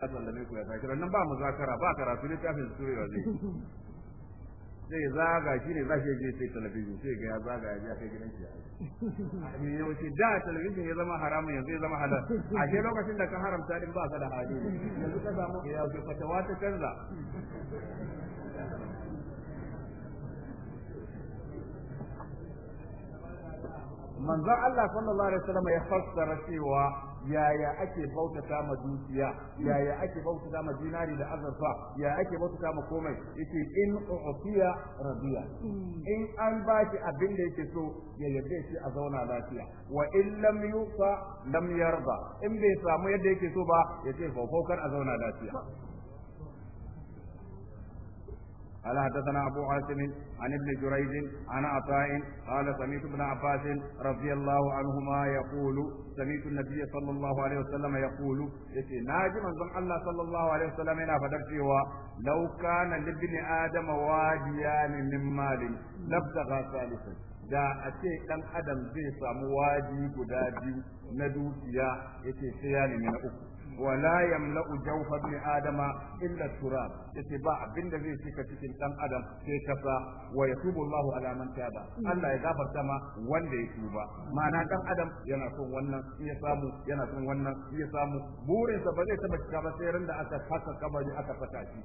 sallame ku ya tashi nan ba muzakara ba karatu ne kafin surewa zai sai zaga shi ne za shi je sai talabijin sai ga ya zaga ya ja kai gidan shi ne ya wuce da talabijin ya zama haramun yanzu ya zama halal a ke lokacin da ka haramta din ba ka da hali yanzu ka samu ya wuce fatawa ta canza manzon Allah sallallahu alaihi wasallam ya fassara cewa yaya ake bautata ma dukiya yaya ake bautata ma dinari da azurfa yaya ake bautata ma komai yace in ofiya radiya in an baki abin da yake so ya yarda shi a zauna lafiya wa in lam yufa lam yarda in bai samu yadda yake so ba yace faufaukar a zauna lafiya قال حدثنا أبو عاصم عن ابن جريج عن عطاء قال سمعت ابن عباس رضي الله عنهما يقول سمعت النبي صلى الله عليه وسلم يقول ناجي من الله صلى الله عليه وسلم هنا لو كان لابن آدم واديان من مال لابتغى ثالثا da a ce ɗan adam zai samu waji guda biyu na dukiya yake sai ya nemi na uku wala yamla'u jawfa ibn adama illa ya ce ba abin da zai cika cikin ɗan adam sai kasa wa ya Allah ala man taba Allah ya gafarta ma wanda ya tuba ma'ana ɗan adam yana son wannan iya samu yana son wannan iya samu burinsa ba zai taba cika ba sai ran da aka fasa kabari aka fata shi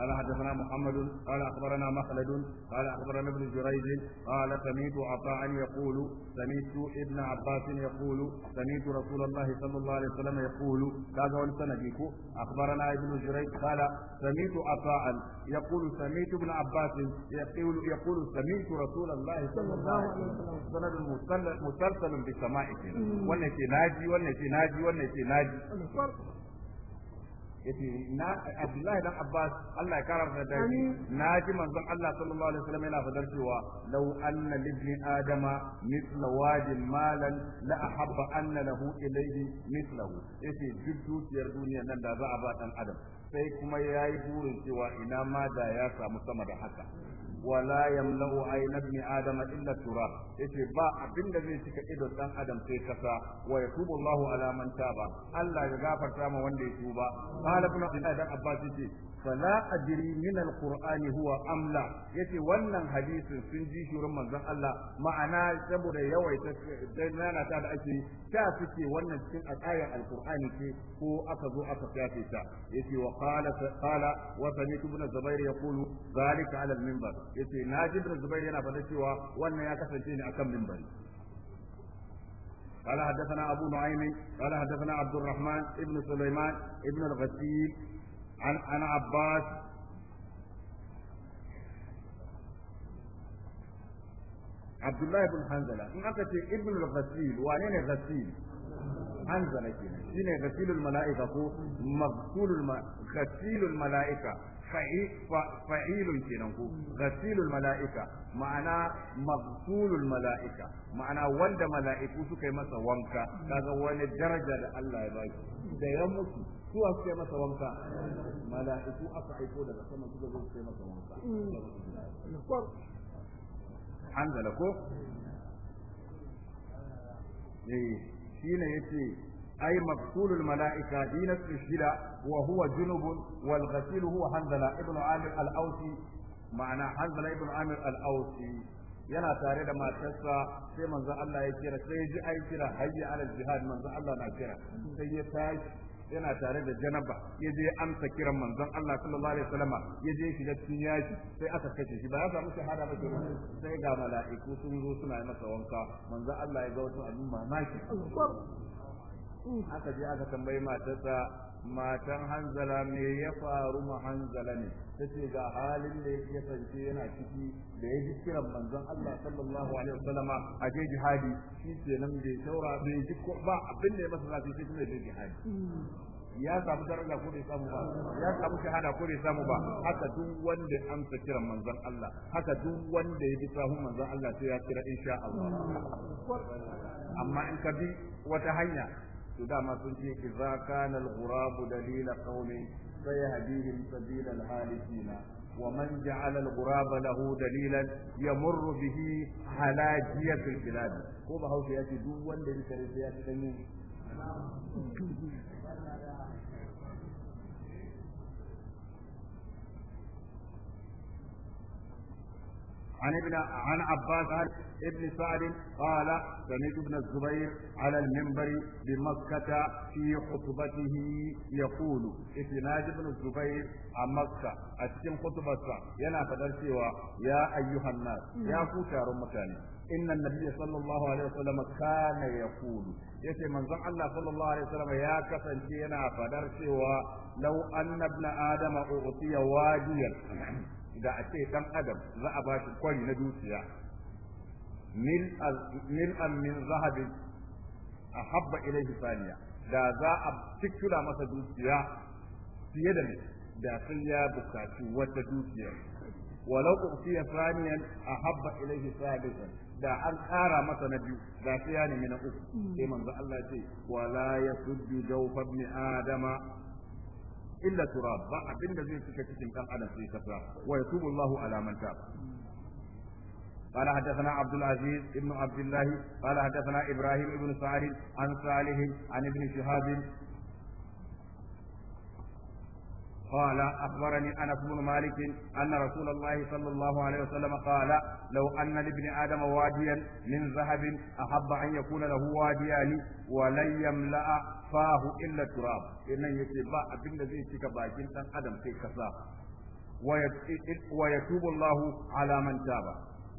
قال حدثنا محمد قال اخبرنا مخلد قال اخبرنا ابن جريج قال سمعت عطاء يقول سمعت ابن عباس يقول سمعت رسول الله صلى الله عليه وسلم يقول كذا ولسنجيك اخبرنا ابن جريج قال سمعت عطاء يقول سمعت ابن عباس يقول يقول سمعت رسول الله صلى الله عليه وسلم سند مسلسل بسماعه wannan ke naji wannan ke naji wannan ke naji yace na Abdullahi dan Abbas Allah ya kara masa dai na ji manzon Allah sallallahu alaihi wasallam yana fadar cewa law anna adama mithla wadin malan la ahabba anna lahu ilayhi mithlahu yace duk dukiyar duniyar nan da za a ba dan adam sai kuma yayi burin cewa ina ma da ya samu sama da haka wala yamla'u ayna ibn adam illa turab yace ba abin da zai cika idon dan adam sai kasa wa yatubu Allahu ala man taba Allah ya gafarta ma wanda ya tuba qala da Abdullah dan Abbas yace fala adri min alqur'ani huwa amla yace wannan hadisin sun ji shurin manzon Allah ma'ana saboda yawaita dana ta da ake ta fice wannan cikin ayatul alqur'ani ce ko aka zo aka fyafe ta yace wa qala qala wa sami ibn zubair yaqulu zalika ala al-minbar yace najib ibn zubair yana faɗa cewa wannan ya kasance ne akan minbari قال حدثنا أبو نعيم قال حدثنا عبد الرحمن ابن سليمان ابن الغسيل عن عن عباس عبد الله بن حنزله ان أكت ابن الغسيل وعنين الغسيل حنزله كده shine gasilul mala'ika ko maghsulul gasilul mala'ika fa'ilun kenan ko gasilul mala'ika ma'ana maghsulul mala'ika ma'ana wanda mala'iku suka yi masa wanka kaga wani daraja da Allah ya baki da ya mutu suwa suka yi masa wanka mala'iku aka aiko daga sama suka zo suka yi masa wanka an ko eh, shi ne yake أي مقتول الملائكة دين الشدة وهو جنب والغسيل هو حنظلة ابن عامر الأوسي معنى حنظلة ابن عامر الأوسي yana tare da matarsa sai manzo Allah ya kira sai ji ai hayya ala jihad manzo Allah kira sai ya tashi yana tare da janaba ya je amsa kiran manzon Allah sallallahu alaihi wasallama ya je shiga cikin sai aka kace shi ba ya samu shahada ba sai ga mala'iku sun zo suna masa wanka manzon Allah ya ga wasu abin mamaki aka je aka tambayi matarsa matan hanzala me ya faru ma hanzala ne ta ce ga halin da ya kasance yana ciki da ya ji kiran manzon Allah sallallahu alaihi sallama, a je jihadi shi ce nan bai saura bai ji ba abin da ya masa zafi sai kuma ya je jihadi ya samu daraja ko bai samu ba ya samu shahada ko bai samu ba haka duk wanda ya amsa kiran manzon Allah haka duk wanda ya bi sahun manzon Allah sai ya kira insha Allah amma in ka bi wata hanya to dama sun ce idza kana al-ghurab dalila qawmi sayhdihim sabil al-halikina wa man ja'ala al lahu dalilan yamur bihi halajiya al-bilad ko ba hausa yace duk wanda ya kare sai ya dan عن ابن عن عباس ابن سعد قال سمعت ابن الزبير على المنبر بمكة في خطبته يقول اتناج ابن الزبير عن مكة أتكن خطبة ينا فدرسيوا يا أيها الناس يا فوتار مكاني إن النبي صلى الله عليه وسلم كان يقول يتي من الله صلى الله عليه وسلم يا كفن ينا فدرسيوا لو أن ابن آدم أعطي واديا da a ce dan adam za a ba shi kwari na dukiya al min zahabin a habba ilaihi saniya da za a cikula masa dukiya fiye da da sun ya bukaci wata dukiya walau ku ufiya saniyan a habba ilaihi salisan da an kara masa na biyu da sai ya nemi na uku sai manzo Allah ce wala yasuddu jawfa ibn adama illa turab ba abin da zai cika cikin dan adam sai kasa wa yatubu Allahu ala man tab قال حدثنا عبد العزيز بن عبد الله قال حدثنا ابراهيم بن سعد عن صالح عن ابن شهاب قال أخبرني أنس بن مالك أن رسول الله صلى الله عليه وسلم قال لو أن لابن آدم واديا من ذهب أحب أن يكون له واديان ولن يملأ فاه إلا التراب إن يتبع أبن الذي تكباكين أن أدم في كساه ويتوب الله على من تاب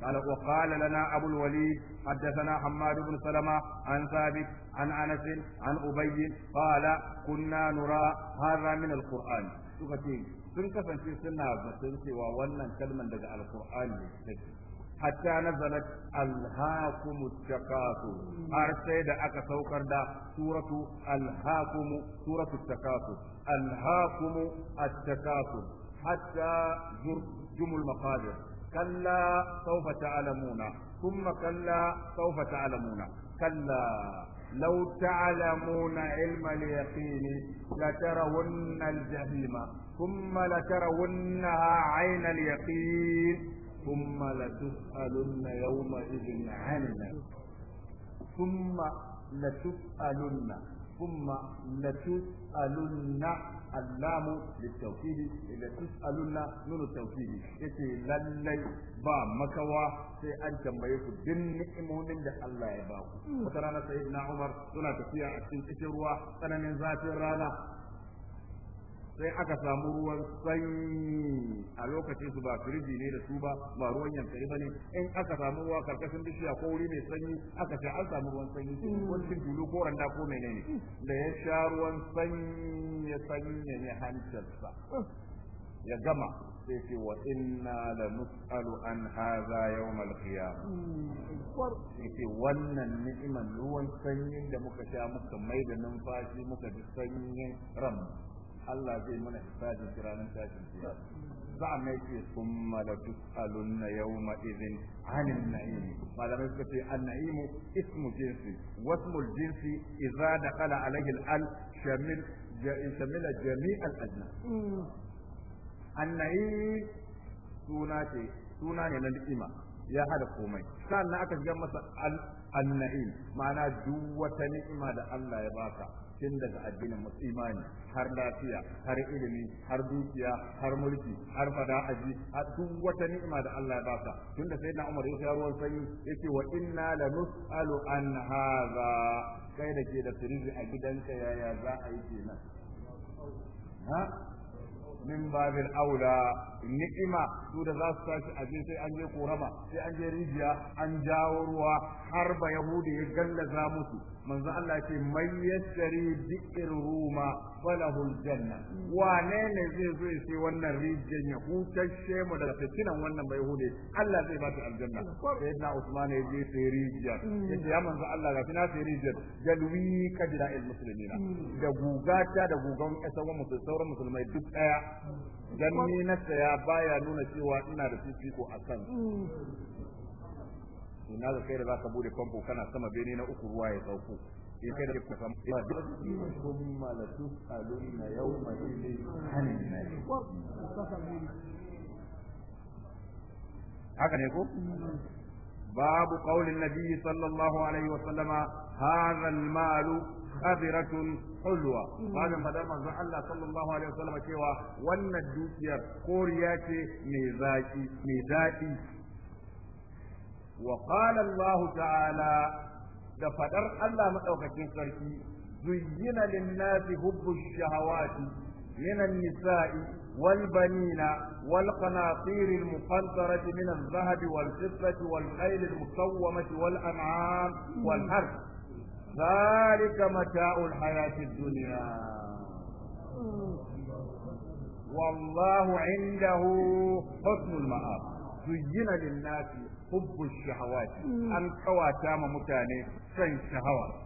قال وقال لنا أبو الوليد حدثنا حماد بن سلمة عن ثابت عن أنس عن أبي قال كنا نرى هذا من القرآن suka ce sun kasance suna batun cewa wannan kalman daga alkur'ani take hatta nazalat alhaakum takasu har sai da aka saukar da suratu alhaakum suratu takasu alhaakum at-takasu hatta zurtumul maqabir kalla sawfa ta'lamuna ثم كلا سوف كلا لو تعلمون علم اليقين لترون الجحيم ثم لترونها عين اليقين ثم لتسألن يومئذ عنا ثم لتسألن ثم لتسألن اللام للتوكيد لتسألن نون التوكيد يتي للي با مكوا sai an tambaye ku duk ni'imomin da Allah ya ba ku hmm. wata rana sayyidina Na'umar suna tafiya a cikin cikin ruwa tsananin zafin rana sai aka samu ruwan sanyi a lokacin su ba firiji ne da su ba ba ruwan yankari ba ne in aka samu ruwa karkashin bishiya ko wuri mai sanyi aka sha an samu ruwan sanyi wancin tulu ko randa ko menene da ya sha ruwan sanyi ya sanya ya hancarsa ya gama sai ce wa inna la nus'alu an hadha yawm al-qiyamah ce wannan ni'imar ruwan sanyin da muka sha muka mai da numfashi muka ji sanyin ran Allah zai mana hisabin kiranin tashin kiyama sa'an nan yake summa la tus'alunna yawma idhin 'anil na'im malamai suka ce an na'imu ismu jinsi Wasu wasmul jinsi idza dakala alayhi al shamil shamila jami' al-ajnas an-na'im suna ce suna ne na ni'ima ya hada komai Sa'an sannan aka shiga masa an-na'im ma'ana duk wata ni'ima da Allah ya baka tun daga addinin imani har lafiya har ilimi har dukiya har mulki har fada aji har duk wata ni'ima da Allah ya baka tun da na Umar ya sha ruwan sanyi yake wa inna la nus'alu an hadha kai da ke da firiji a gidanka yaya za a yi kenan ha min babil aula ni'ima su da za su tashi aje sai an je korama sai an je rijiya an jawo ruwa har ba yahudi ya gallaza musu manzo Allah ce mai yasari dikir ruma falahu janna wa ne zai zo ya sai wannan rijiyar ya hutashe mu da fitinan wannan bai hude Allah zai ba ta aljanna sai na Usman ya je sai rijiya yace ya manzo Allah ga kina sai rijiyar jalwi kabira al muslimina da gugata da gugan sauran musulmai duk daya dan ni na tsaya baya nuna cewa ina da fifiko a kan ina ga kai da zaka bude famfo kana sama bene na uku ruwa ya sauko in kai da ku san ba kun malatu aluna ne hanin hanna haka ne ko babu qaulin nabi sallallahu alaihi wa sallama hadha al-malu qabiratun hulwa hmm. malam fadar manzon Allah sallallahu alaihi wasallam cewa wannan dukiyar koriya ce mai zaki mai dadi wa qala Allah ta'ala da fadar Allah madaukakin sarki zuyyina lin-nasi hubbu shahawati minan nisa'i والبنين والقناطير المقنطرة من الذهب والفضة والخيل المسومة والأنعام والحرث ذلك متاع الحياة الدنيا والله عنده حسن المآب زين للناس حب الشهوات القوى تام متاني سن شهوة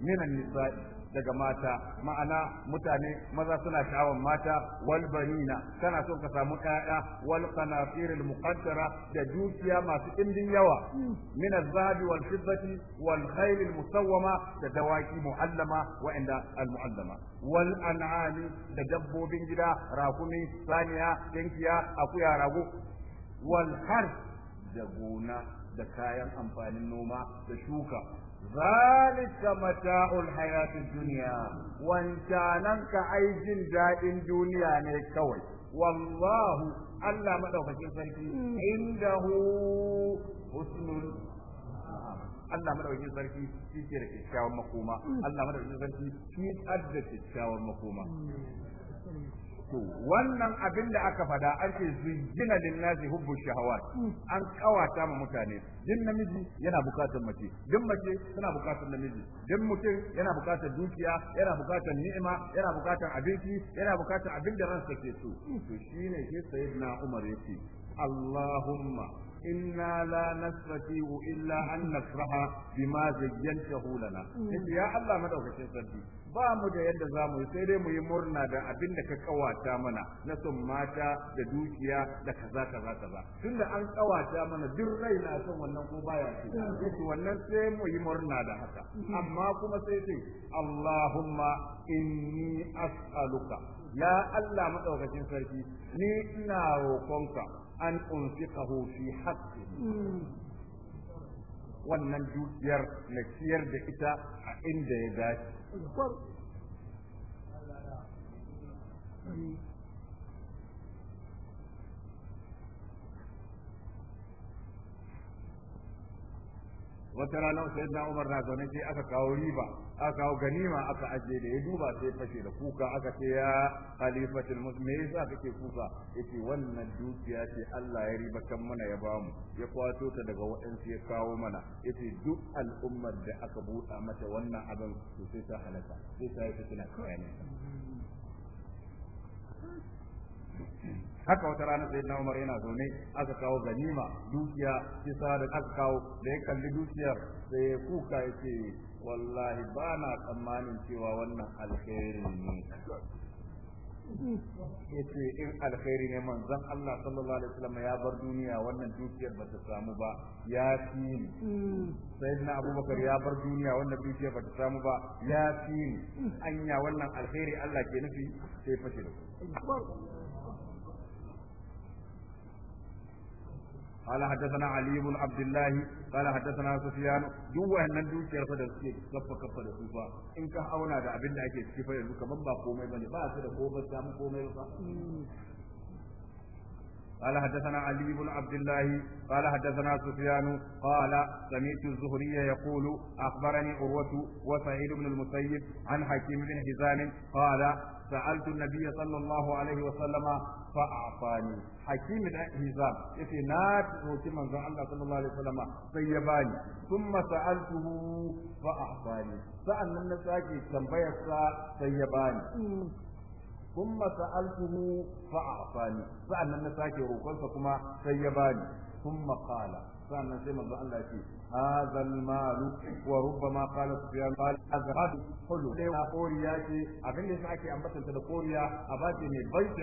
من النساء daga mata ma'ana mutane maza suna sha'awan mata wal banina kana so ka samu ƴaƴa wal qanatir al muqaddara da dukiya masu indin yawa min al zahabi wal fiddati wal khayl al musawwama da dawaki muallama wa inda al muallama wal an'ami da dabbobin gida rakumi saniya tinkiya akuya rago wal harf da gona da kayan amfanin noma da shuka zalika mata'ul hayatid dunya wancanan ka ai jin dadin duniya ne kawai wallahu Allah madaukakin sarki indahu husnul Allah madaukakin sarki shi ke da kyakkyawan makoma mm. Allah madaukakin sarki shi adda kyakkyawan makoma to wannan abin da aka fada an ce zujjina linnasi hubbu shahawat an kawata ma mutane din namiji yana bukatar mace din mace tana bukatar namiji din mutum yana bukatar dukiya yana bukatar ni'ima yana bukatar abinci yana bukatar abin da ransa ke so to shine sai sayyidina Umar yake Allahumma inna la نستطيع illa an nasraha bima allah lana ya Allah madaukakin sarki ba mu da yadda za mu yi sai dai mu yi murna da abin da ka kawata mana na son mata da dukiya da kaza kaza kaza Tun da an kawata mana duk rai na son wannan ko baya ce yace wannan sai mu yi murna da haka amma kuma sai sai Allahumma inni as'aluka ya Allah madaukakin sarki ni ina roƙonka an unfiqahu fi haqqi wannan dukiyar na ciyar da ita a inda ya dace اذكر wata rana sai na Umar na zaune sai aka kawo riba aka kawo ganima aka aje da ya duba sai fashe da kuka aka ce ya khalifatul me yasa kake kuka yace wannan dukiya ce Allah ya kan mana ya bamu ya kwato ta daga waɗansu ya kawo mana yace duk al'ummar da aka buɗa mata wannan abin to sai ta halaka sai ta yi fitina kawai haka wata rana sai na Umar yana zaune aka kawo ganima dukiya kisa da aka kawo da ya kalli dukiyar sai ya kuka ya ce wallahi ba na tsammanin cewa wannan alkhairi ne ya ce in alkhairi ne zan Allah sallallahu alaihi wasallam ya bar duniya wannan dukiyar ba ta samu ba ya fi ni na abubakar ya bar duniya wannan dukiyar ba ta samu ba ya fi ni anya wannan alkhairi Allah ke nufi sai fashe da قال حدثنا علي بن عبد الله قال حدثنا سفيان duk wayannan dukiyar fa da suke kaffa fa da su fa in ka auna da abin da ake ciki fa yanzu kaman ba komai bane ba su da komai samu komai ba قال حدثنا علي بن عبد الله قال حدثنا سفيان قال سمعت الزهري يقول أخبرني عروة وسعيد بن المسيب عن حكيم بن حزام قال سألت النبي صلى الله عليه وسلم فأعطاني حكيم بن حزام يتي نات وكما الله صلى الله عليه وسلم سيباني ثم سألته فأعطاني سأل من نساكي تنبيسا سيباني ثم سألته فأعطاني فأنا نساكي روكوانسا كما سيباني ثم قال فأنا سيما الله يكي هذا المال وربما قال سفيان قال هذا غد حلو ليه قوريا يتي أبن لي ساكي أم بسن تدى قوريا أباتي من بيت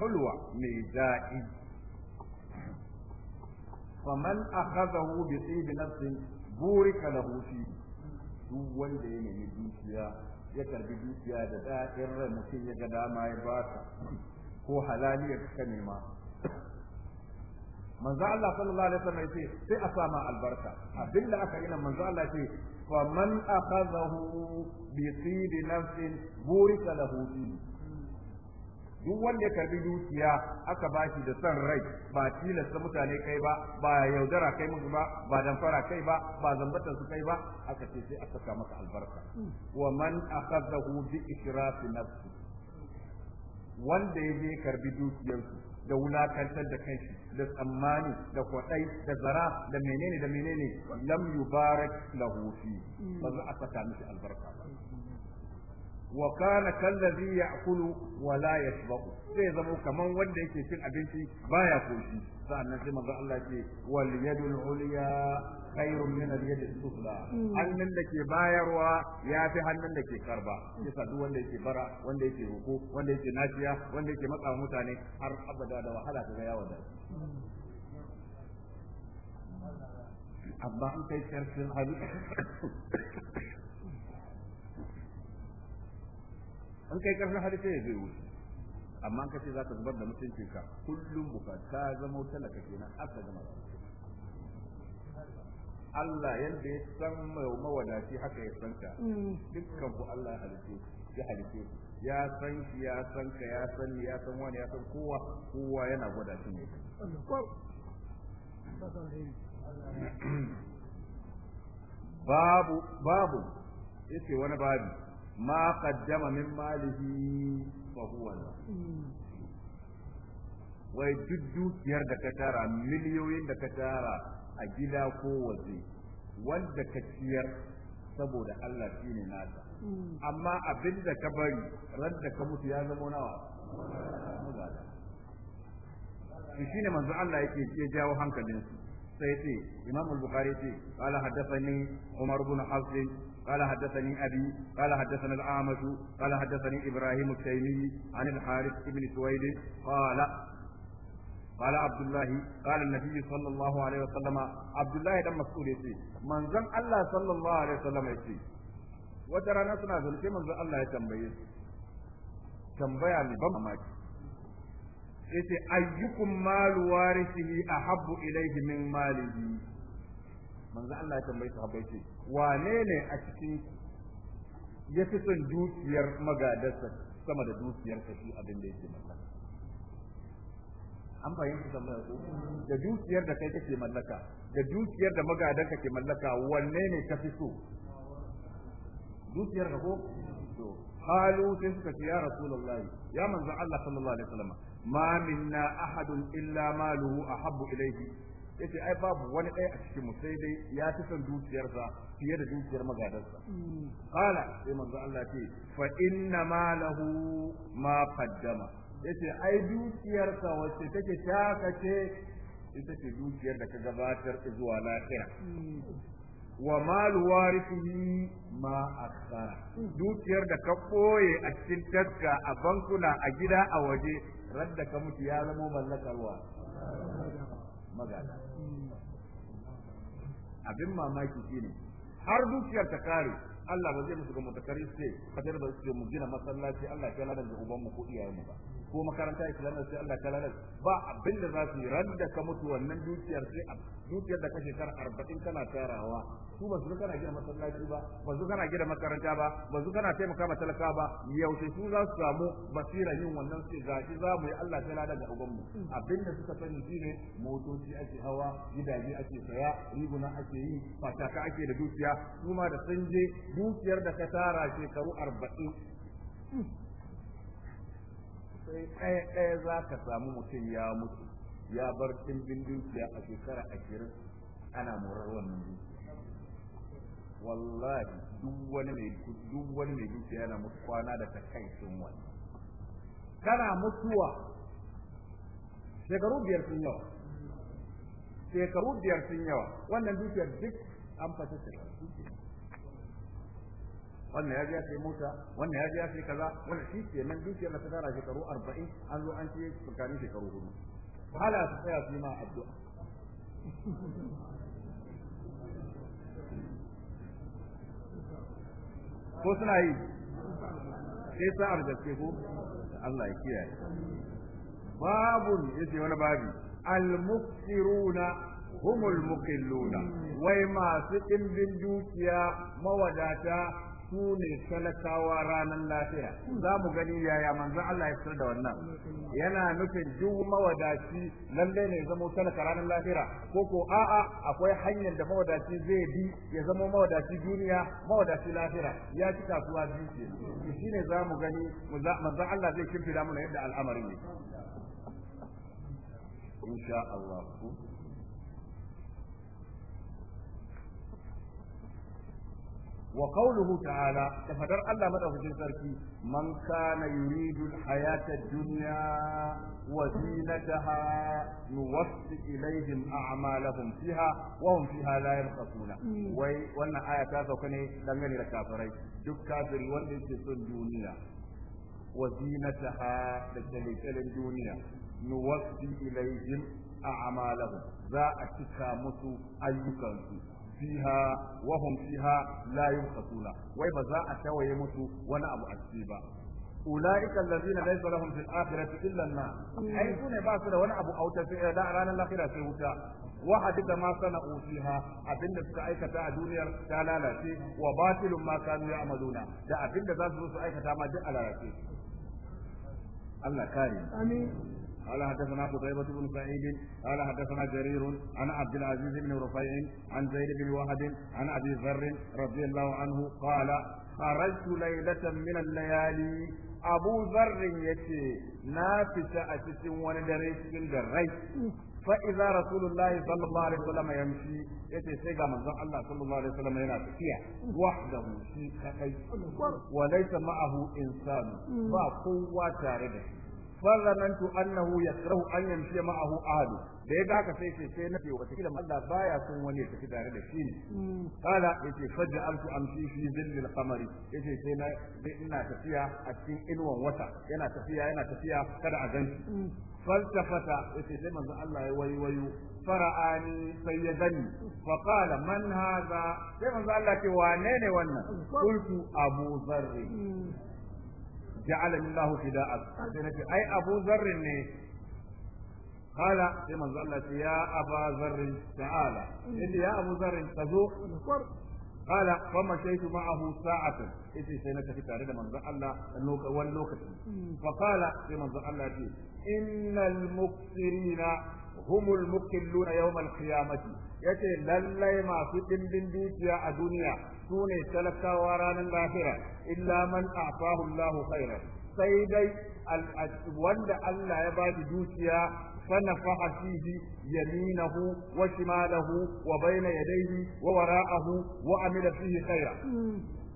حلوة ميزائي faman akhadahu bi tibi nafsin burika lahu fi duk wanda ya nemi dukiya ya karbi dukiya da da'in rai mutum ya ga dama ya ba ta ko halaliyar ka nema manzo Allah sallallahu alaihi wasallam yace sai a sama albarka abin da aka yi nan manzo Allah yace faman akhadahu bi tibi nafsin burika lahu fi duk wanda ya karbi dukiya aka ba shi da san rai ba tilasta mutane kai ba ba yaudara kai musu ba ba damfara kai ba ba zambatan su kai ba aka ce sai aka saka masa albarka wa man akhadahu bi israfi nafsi wanda ya je karbi dukiyarsu da wulakantar da kanshi da tsammani da kwaɗai da zara da menene da menene lam yubarak lahu fi ba za a saka mishi albarka wa kana kallazi ya'kulu wa la yasbaqu sai zamo kaman wanda yake cin abinci baya koshi sa'annan sai manzo Allah ce wal yadul ulya khairun min al yadis sufla hmm. hannun da ke bayarwa yafi hannun da ke karba kisa duk wanda yake bara wanda yake roko wanda yake nafiya wanda yake matsa mutane har abada da wahala ga yawa da hmm. amma an kai sharfin hadisi an kai karfin hali sai ya zai wuce amma ka ce za ka zubar da mutuncin ka kullum buka ta zama talaka nan aka gama Allah yadda ya san mawadaci haka ya san ka mm. dukkan ku Allah ya ya halice ya san shi ya san ka ya san ya san wani ya san kowa kowa yana gwada shi ne babu babu yace wani babu ma qaddama min malihi fa wai duk da ka tara miliyoyin da ka tara a gida ko waje wanda ka ciyar saboda Allah shine nasa amma abin da ka bari ran da ka mutu ya zama nawa to shine manzo Allah yake ke jawo hankalinsu sai ce Imam al-Bukhari ce qala haddathani Umar ibn Hafs قال حدثني أبي قال حدثنا الأعمش قال حدثني إبراهيم التيمي عن الحارث بن سويد قال قال عبد الله قال النبي صلى الله عليه وسلم عبد الله دم مسؤول يسي من زن الله صلى الله عليه وسلم يسي وترى نسنا ذلك من زن الله يتنبيه تنبيه لبما ماكي yace ayyukum malu warithihi ahabbu ilayhi min malihi manzo Allah ya tambayi sahabbai ce wane ne a cikin ya fi son dukiyar magadarsa sama da dukiyar kashi abin da yake mallaka an fahimta tambaya ko da dukiyar da kai kake mallaka da dukiyar da magadanka ke mallaka wanne ne ka fi so dukiyar ka ko to قالوا sai suka ce ya rasulullahi ya manzo Allah sallallahu alaihi wasallam ma minna ahadun illa maluhu ahabbu ilayhi yace ai babu wani ɗaya a cikin mu sai dai ya fi dukiyar dukiyarsa fiye da dukiyar magadarsa kala sai manzo Allah ce fa inna ma lahu ma qaddama yace ai dukiyarsa wacce take takace ita ce dukiyar da ka gabatar zuwa lahira wa mal warithi ma aksara dukiyar da ka koye a cikin taska a bankuna a gida a waje radda ka mutu ya zama mallakarwa magana abin mamaki shine har dukiyar ta kare Allah ba zai musu ga mutakari sai kadar ba su mu gina masallaci Allah ya ladan da uban mu ko iyayen mu ba ko makaranta islamiyya sai Allah ta lalace ba abin da za su yi ran da ka mutu wannan dukiyar sai a dukiyar da ka shekara arba'in kana tarawa su ba su kana gina masallaci ba ba su kana gina makaranta ba ba su kana taimaka ma talaka ba yaushe su za su samu basira yin wannan sai shi za mu yi Allah ta lalace a mu abin da suka sani ne motoci ake hawa gidaje ake saya riguna ake yi fataka ake da dukiya su ma da sun je dukiyar da ka tara shekaru arba'in sai ɗaya ɗaya za ka samu mutum ya mutu ya bar ɗimbin dukiya a shekara ashirin ana morar wannan dukiya wallahi duk wani mai duk wani mai dukiya yana mutu kwana da ta kai sun wani kana mutuwa shekaru biyar sun yawa shekaru biyar sun yawa wannan dukiyar duk an fata shekaru wannan ya biya ya sai mota wannan ya biya ya sai kaza wannan shi ke nan dukiyar ta tara shekaru 40 an zo an ce tsakanin shekaru hudu hala su tsaya su yi ma addu'a ko suna yi sai sa'ar da ke ko Allah ya kiyaye babun yace wani babi al-mufsiruna humul muqilluna wai masu ɗimbin dukiya mawadata su ne talakawa ranar lafiya za mu gani yaya manzon Allah ya fitar da wannan yana nufin duk mawadaci lallai ne zama talaka ranar lafiya ko ko a'a akwai hanyar da mawadaci zai bi ya zama mawadaci duniya mawadaci lafiya ya ci kasuwa biyu ke shine za mu gani manzon Allah zai kimfida mana yadda al'amari ne insha Allah وقوله تعالى تفدر الله مدى في سركي من كان يريد الحياة الدنيا وزينتها نوفي إليهم أعمالهم فيها وهم فيها لا يرقصون وانا آية كافة وكني دمني لكافرين دك كافر وانا الدنيا وزينتها لتلك الدنيا نوفي إليهم أعمالهم ذا أتكا مسو أيكم fiha wa hum fiha wai ba za a tawaye musu wani abu a ba ulaika allazina laysa lahum fil akhirati illa an ai da wani abu a wutar sai eh, da ranar lahira sai wuta wa hadda ma abinda suka aikata a duniyar ta lalace wa batilun ma da abinda za su aikata a lalace Allah amin قال حدثنا قتيبة بن سعيد قال حدثنا جرير عن عبد العزيز بن رفيع عن زيد بن وهب عن أبي ذر رضي الله عنه قال خرجت ليلة من الليالي أبو ذر يتي نافس أتس وندري سكن دري فإذا رسول الله صلى الله عليه وسلم يمشي يتي سيغا من الله صلى الله عليه وسلم ينا تكيا وحده في خطي وليس معه إنسان فقوة تارده فظننت انه يكره ان يمشي معه احد da ya haka sai ce sai nace wata kila Allah baya son wani ya tafi tare da shi ne hmm. kala yace faj'altu amshi fi zillil qamari yace sai na ina tafiya a cikin inuwan wata yana tafiya yana tafiya kada a gan hmm. falsafata yace sai manzo Allah ya wayi wayo fara'ani sai ya gani fa qala man hadha sai manzo Allah ce wane ne wannan hmm. qultu abu zarri ja'ala Allahu fida'ak sai nace ai Abu Zarr ne qala sai manzo Allah ya Aba Zarr ta'ala inda ya Abu Zarr Ita قال فمشيت معه ساعة إتي سينا تفتا رد من الله واللوكة فقال في من الله إن المكسرين humul muqilluna yawmal qiyamati yace lallai masu dimbin dukiya a duniya sune talakawa ranar lahira illa man a'tahu Allah khaira sai dai wanda Allah ya ba dukiya فنفح فيه يمينه وشماله وبين يديه ووراءه وعمل فيه خيرا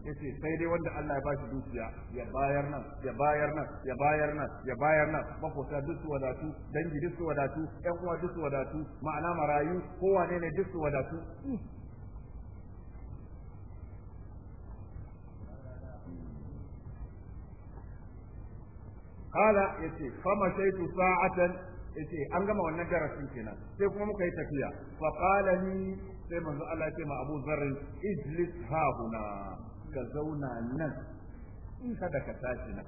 yace sai dai wanda Allah ya ba shi dukiya ya bayar nan ya bayar nan ya bayar nan ya bayar nan makota duk su wadatu dangi duk su wadatu ƴan uwa duk su wadatu ma'ana marayu ko wane ne duk su wadatu kala yace fama shaitu sa'atan yace an gama wannan darasin kenan sai kuma muka yi tafiya fa qala ni sai manzo Allah ya ce ma Abu Zarr ijlis ha huna ka zauna nan in kada ka tashi nan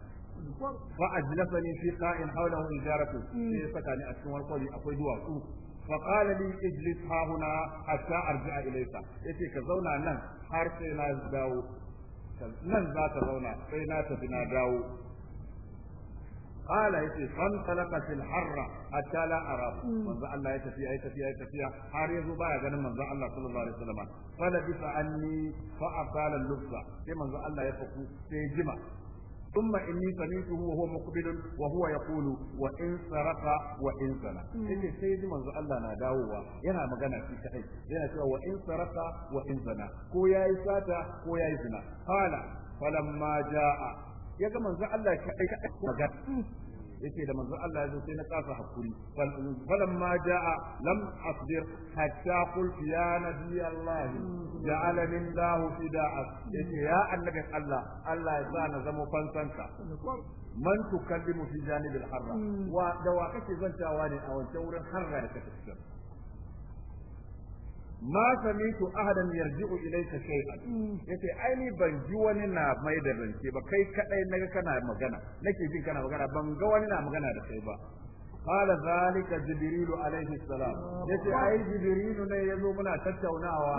fa ajlasani fi qa'in hawlahu ijaratu sai ni a cikin wani akwai duwatsu fa qala li ijlis ha huna hatta arji'a ilayka yace ka zauna nan har sai na dawo nan za ka zauna sai na tafi na dawo qala yace fan talaqa fil harra hatta la ara manzo Allah ya tafiya ya tafiya ya tafiya har yazo baya ganin manzo Allah sallallahu alaihi wasallam fala bi fa anni fa aqala sai manzo Allah ya faku sai jima ثم إني سمعته وهو مقبل وهو يقول وإن سرق وإن زنى إني سيد من الله ناداوا ينا مغنى في شيء ينا سوى وإن سرق وإن زنى كو يا إساتا كو يا إزنى قال فلما جاء ya ga manzon Allah ya kai ka magana yace da manzon Allah ya zo sai na kasa hakuri falan ma jaa lam asbir hatta qultu ya nabi Allah ja'ala min lahu fida'ak yace ya annabi Allah Allah ya sa na zama fansanka man tukallimu fi janibil harra hmm. wa da wa kake zantawa ne a wancan wurin harra da kake ma samitu ahadan yarji'u ilayka shay'an mm. yace ai ni ban ji wani na mai da rance ba kai kadai naga kana magana nake jin kana magana ban ga wani na magana da kai ba قال ذلك جبريل عليه السلام يتي أي جبريل يزو منا تتوناوا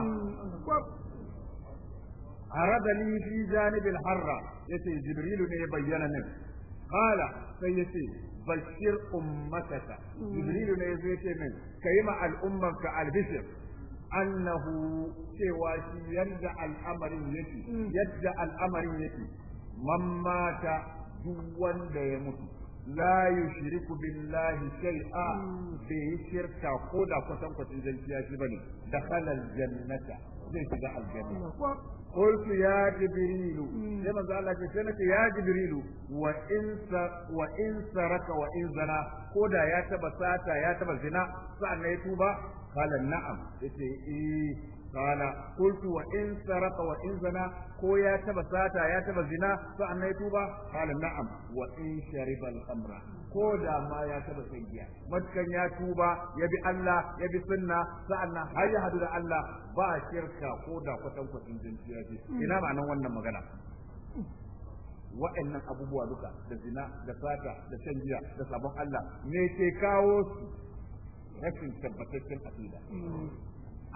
عرض لي في جانب الحرة يتي جبريل يبين من قال سيتي بشر أمتك جبريل يزو يتي من كيما الأمة كالبشر annahu cewa shi yadda al'amarin yake mm. yadda al'amarin yake man mata duk wanda ya mutu la yushriku billahi shay'a mm. bai yi shirka ko da kwatan kwatan ba shi bane dakhala jannata zai shiga aljanna قلت يا جبريل لما زال سنك يا جبريل وإن وإن سرك وإن زنا كودا يا تبا ساتا يا تبا زنا سأنا يتوبا قال نعم إيه in قال قلت وإن سرق وإن زنا كو يا تبا ساتا يا تبا زنا فأنا يتوبا قال نعم وإن شرب amra ko da ma ya taba shan giya ya tuba ya bi Allah ya bi sunna sa'annan har ya hadu da Allah ba shirka ko da kwatan kwatan jinciya ce ina ba nan wannan magana wa'annan abubuwa duka da zina da sata da shan giya da sabon Allah me ke kawo su rashin tabbataccen aqida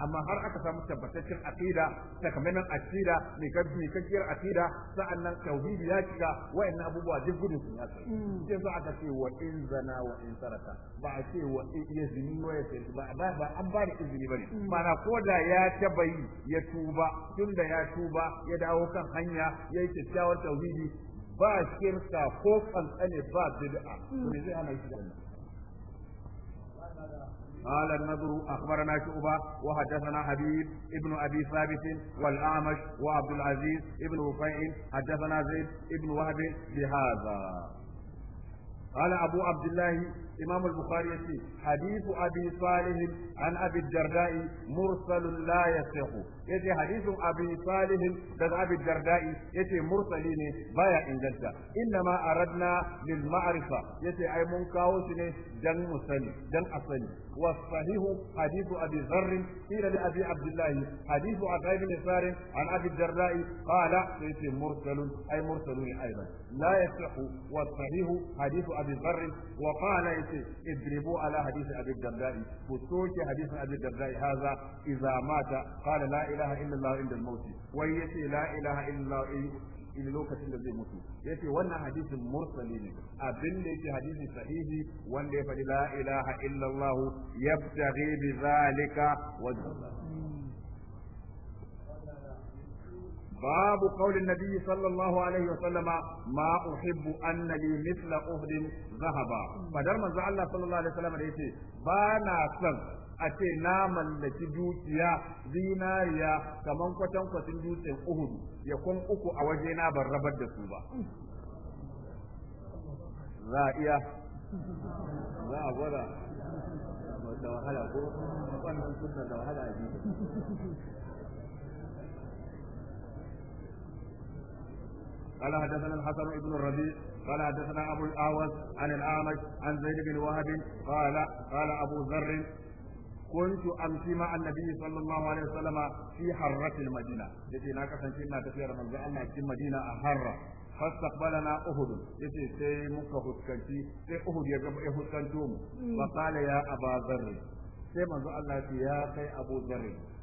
amma har aka samu tabbataccen aqida takamaiman aqida mai kabbi kakkiyar aqida sa'annan tauhidi ya shiga wayanna abubuwa duk gudun sun ya mm. sai sai aka ce wa in zana wa in sarata ba a ce wa in zini wa ya sai ba ba an ba da izini bane mana mm. ko da ya taba yi ya tuba tunda ya tuba ya dawo kan hanya yayi kyakkyawar tauhidi ba shirka ko kankane ba bid'a mm. to ne zai hana shi da قال النضر اخبرنا شعبه وحدثنا حبيب ابن ابي ثابت والاعمش وعبد العزيز ابن رفيع حدثنا زيد ابن وهب بهذا قال ابو عبد الله imam al-bukhari yace hadisu abi salih an abi darda'i mursal la yasihu yace hadithun abi salih daga abi darda'i yace mursali ne baya inganta innama aradna lil ma'rifa yace ai mun kawo shi ne dan musali dan asali wa sahihu hadithu abi dharr ila li abi abdullah hadithu abi bin sar an abi darda'i qala yace mursal ai mursalun sahihu wa yace idribu ala hadisi abi darda'i ku soke hadisin abi darda'i haza idza mata qala la ilaha illa allah inda al-maut wai yace la ilaha illa in lokacin da zai mutu yace wannan hadisin mursali ne abin da yake hadisi sahihi wanda ya faɗi la ilaha illallah yabtaghi bi zalika wajha باب قول النبي صلى الله عليه وسلم ما أحب أن لي مثل أهد ذهبا فدر من الله صلى الله عليه وسلم ليس بانا سن أتي ناما لكي دوتيا زيناريا كمان قتن قتن دوتين أهد يكون أكو أوجينا بالربد سوبا رائية za a gwada da wahala ko wannan kusa قال حدثنا الحسن بن الربيع قال حدثنا ابو الاعوج عن الاعمش عن زيد بن وهب قال قال ابو ذر كنت امشي مع النبي صلى الله عليه وسلم في حرة المدينة يتي نا كسانتي ina tafiyar manzo Allah cikin Madina a Harra fastaqbalana Uhud yace sai muka huskanci sai Uhud ya gaba ya huskanto mu fa qala ya Abu Dharr sai manzo Allah ya kai Abu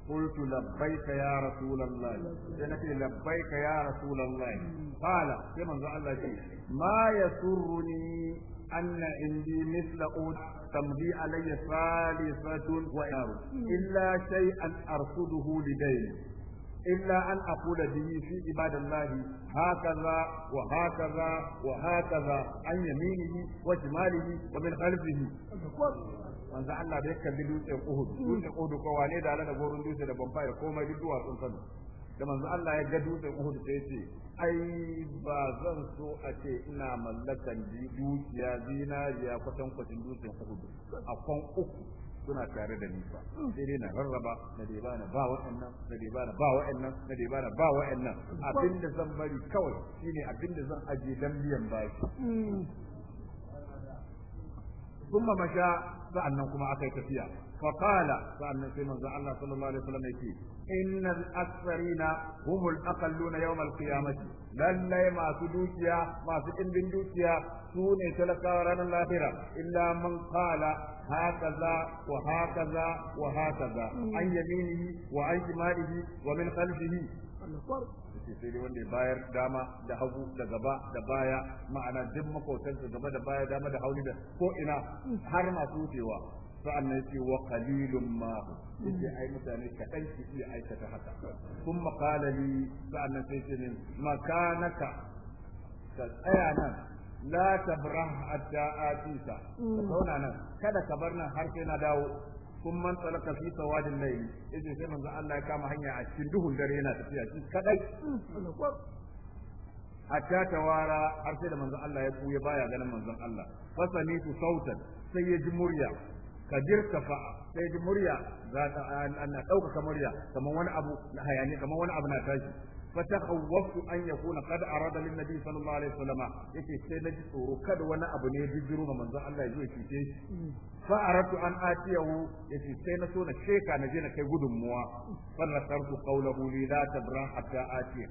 قلت لبيك يا رسول الله سنتي لبيك يا رسول الله قال كما الله ما يسرني أن عندي مثل أود تمضي علي ثالثة وإنار إلا شيئا أرصده لديني إلا أن أقول به في عباد الله هكذا وهكذا وهكذا عن يمينه وشماله ومن خلفه manzo Allah bai kalli dutsen Uhud dutsen Uhud ko wane da Allah da gorin dutse da bamfa da komai duk sun sanu da manzo Allah ya ga dutsen Uhud sai ya ce ai ba zan so a ce ina mallakan dukiya zinariya kwatan kwatin dutsen Uhud a kwan uku suna tare da ni ba sai dai na rarraba na dai bana ba wa'annan na dai bana ba wa'annan na dai bana ba wa'annan abinda zan bari kawai shine abinda zan aje dan biyan bashi ثم hmm. مشى sa'annan kuma aka yi tafiya fa qala sa'annan sai manzo Allah sallallahu alaihi wasallam yake innal aktharina humul aqalluna yawm alqiyamati lallai masu dukiya masu indin dukiya su ne talakawa ranar lahira illa man qala hakaza wa hakaza wa hakaza an yaminihi wa an wa min khalfihi yace sai dai wanda ya bayar dama da hagu da gaba da baya ma'ana duk makotansa gaba da baya dama da hauli da ko ina har masu wucewa sa'annan yace wa qalilun ma yace ai mutane kadan su iya aikata haka kuma qala li sa'annan sai ce min makanaka ka tsaya nan la tabrah hatta atisa ka nan kada ka bar nan har sai na dawo kun man talaka fi sawadin layli idan sai manzo Allah ya kama hanya a cikin duhun dare yana tafiya shi kadai hatta tawara har sai da manzo Allah ya kuya baya ganin manzo Allah fasani tu sautan sai ya ji murya kadir kafa sai ya ji murya za ta ana dauka murya kamar wani abu na hayani kamar wani abu na tashi fatakhawwaftu an yakuna qad arada lin nabi sallallahu alaihi wasallam Yake sai naji tsoro kada wani abu ne bijiro ga manzon Allah ya zo ya cuce shi fa aratu an atiyahu yake sai na so na sheka na je na kai gudunmuwa fa nasartu qawluhu li la tabra hatta atiya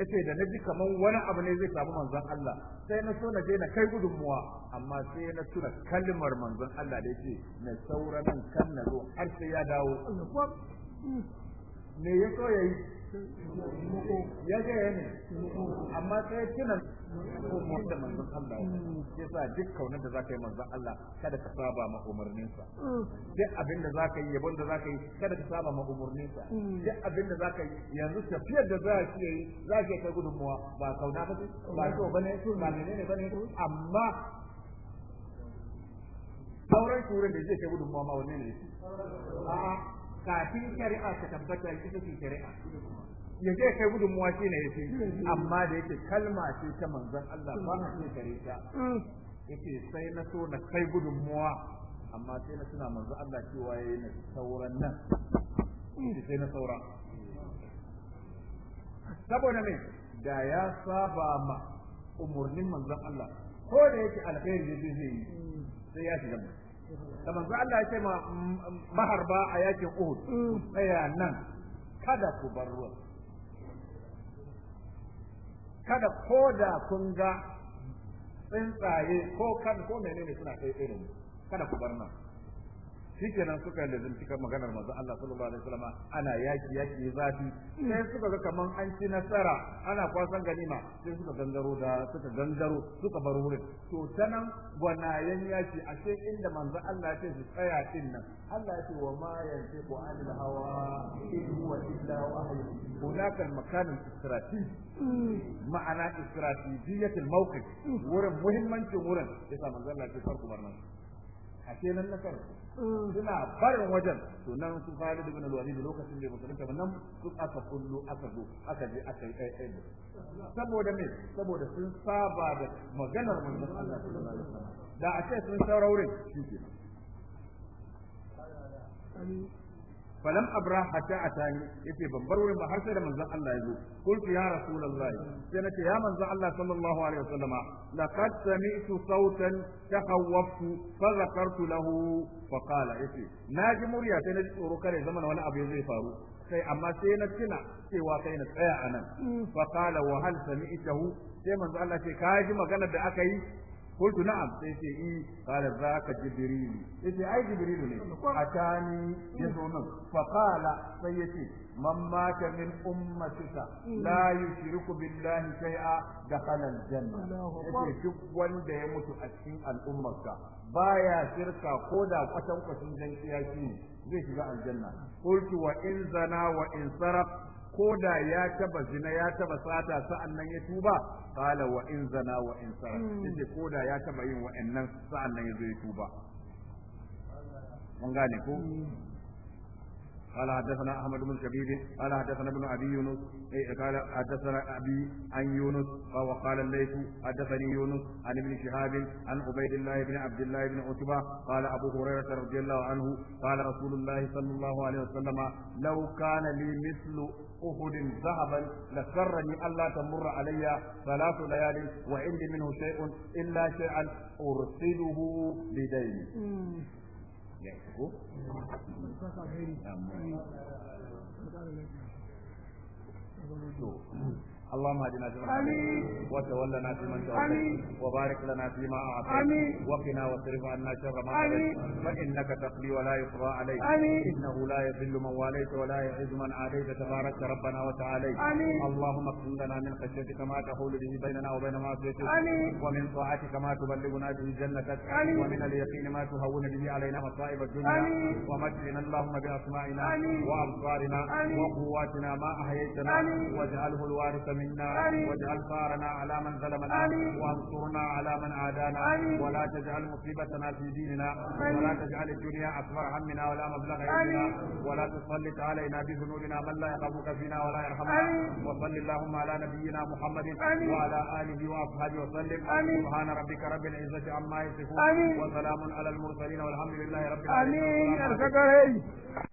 Yake da naji kaman wani abu ne zai samu manzon Allah sai na so na je na kai gudunmuwa amma sai na tuna kalmar manzon Allah da yace na saura nan kan na zo har sai ya dawo me ya so yayi ya ga yana amma sai kina da manzon Allah yasa duk kaunar da zaka yi manzon Allah kada ka saba ma umarninsa duk abin da zaka yi yabon da zaka yi kada ka saba ma umarninsa duk abin da zaka yi yanzu tafiyar da za ki yi za ki kai gudunmuwa ba kauna ba ba so bane ba menene bane amma sauran kuren da zai kai gudunmuwa ma wanne ne a'a kafin shari'a ta tabbata ita ce shari'a ya je kai muwa shi ne ce amma da yake kalma ce ta manzon Allah ba na ce gare ta yace sai na so na kai muwa amma sai na tuna manzon Allah cewa yayi na sauran nan Da sai na saura saboda me da ya saba ma umurnin manzon Allah ko da yake alkhairi zai yi sai ya shiga mutum da manzo Allah ya ce ma maharba a yakin Uhud mm. tsaya nan kada ku bar ruwa kada ko da kun ga tsuntsaye ko kan ko menene suna kai irin kada ku bar nan shikenan suka lazimci cikin maganar manzo Allah sallallahu alaihi wasallam ana yaki yaki zafi sai suka ga kaman an ci nasara ana kwasan ganima sai suka gangaro da suka gangaro suka bar wurin to tanan gwanayen yaki a sai inda manzo Allah ce su tsaya din nan Allah ya ce wa ma yantiqu anil hawa in huwa illa wahyu hunaka makanin istrategi ma'ana istratejiyyatul mawqif wurin muhimmancin wurin yasa manzo Allah ya ce farko barnan a nan na nasara Mm. suna barin wajen to nan su Khalid ibn al-Walid lokacin da mutum ba nan su aka kullu aka zo aka je aka yi kai kai saboda me saboda sun saba da maganar manzon Allah sallallahu alaihi wasallam da a ce sun saurare shi kenan falam abra hatta atani yace babbar wurin ba har sai da manzon Allah ya zo qultu ya rasulullahi sai nace ya manzon Allah sallallahu alaihi wasallama laqad sami'tu sautan tahawwaftu fa zakartu lahu fa qala yace naji murya sai na ji tsoro kada kare zaman wani abu ya zai faru sai amma sai na tuna cewa kai na tsaya anan fa qala wa hal sami'tahu sai manzo Allah ce ka ji maganar da aka yi qultu na'am sai ce in qala zaka jibril yace ai jibril ne atani yazo nan fa qala sai yace man mata min ummatika la yushriku billahi shay'a dakhala aljanna yace duk wanda ya mutu a cikin al'ummarka baya shirka ko da kwatankwacin dan kiyaki ne zai shiga aljanna qultu wa in zana wa in saraf Koda ya taba zina ya taba sata sa'annan ya tuba qala wa in zana wa in sara yace ko ya taba yin wa'annan sa'annan ya zo ya tuba mun gane ko قال حدثنا احمد بن كبير قال حدثنا ابن ابي يونس قال حدثنا ابي عن يونس وقال الليث حدثني يونس عن ابن شهاب عن عبيد الله بن عبد الله بن عتبه قال ابو هريره رضي الله عنه قال رسول الله صلى الله عليه وسلم لو كان لي أهد ذهبا لسرني ألا تمر علي ثلاث ليال وعندي منه شيء إلا شيئا أرسله بديني Thank you. اللهم اهدنا فيمن هديت وتولنا فيمن توليت وبارك لنا فيما اعطيت وقنا واصرف عنا شر ما قضيت فانك تقضي ولا يقضى عليك انه لا يذل من واليت ولا يعز من عاديت تبارك ربنا وتعالى اللهم اقسم لنا من خشيتك ما تحول به بيننا وبين معصيتك ومن طاعتك ما تبلغنا به جنتك ومن اليقين ما تهون به علينا مصائب الدنيا ومتعنا اللهم باسمائنا وابصارنا وقواتنا ما احييتنا واجعله الوارث منا واجعل ثارنا على من ظلمنا وانصرنا على من عادانا ولا تجعل مصيبتنا في ديننا ولا تجعل الدنيا اكبر همنا ولا مبلغ علمنا ولا تسلط علينا بذنوبنا من لا يرحمك فينا ولا يرحمنا وصل اللهم على نبينا محمد وعلى اله واصحابه وسلم سبحان ربك رب العزه عما يصفون وسلام على المرسلين والحمد لله رب العالمين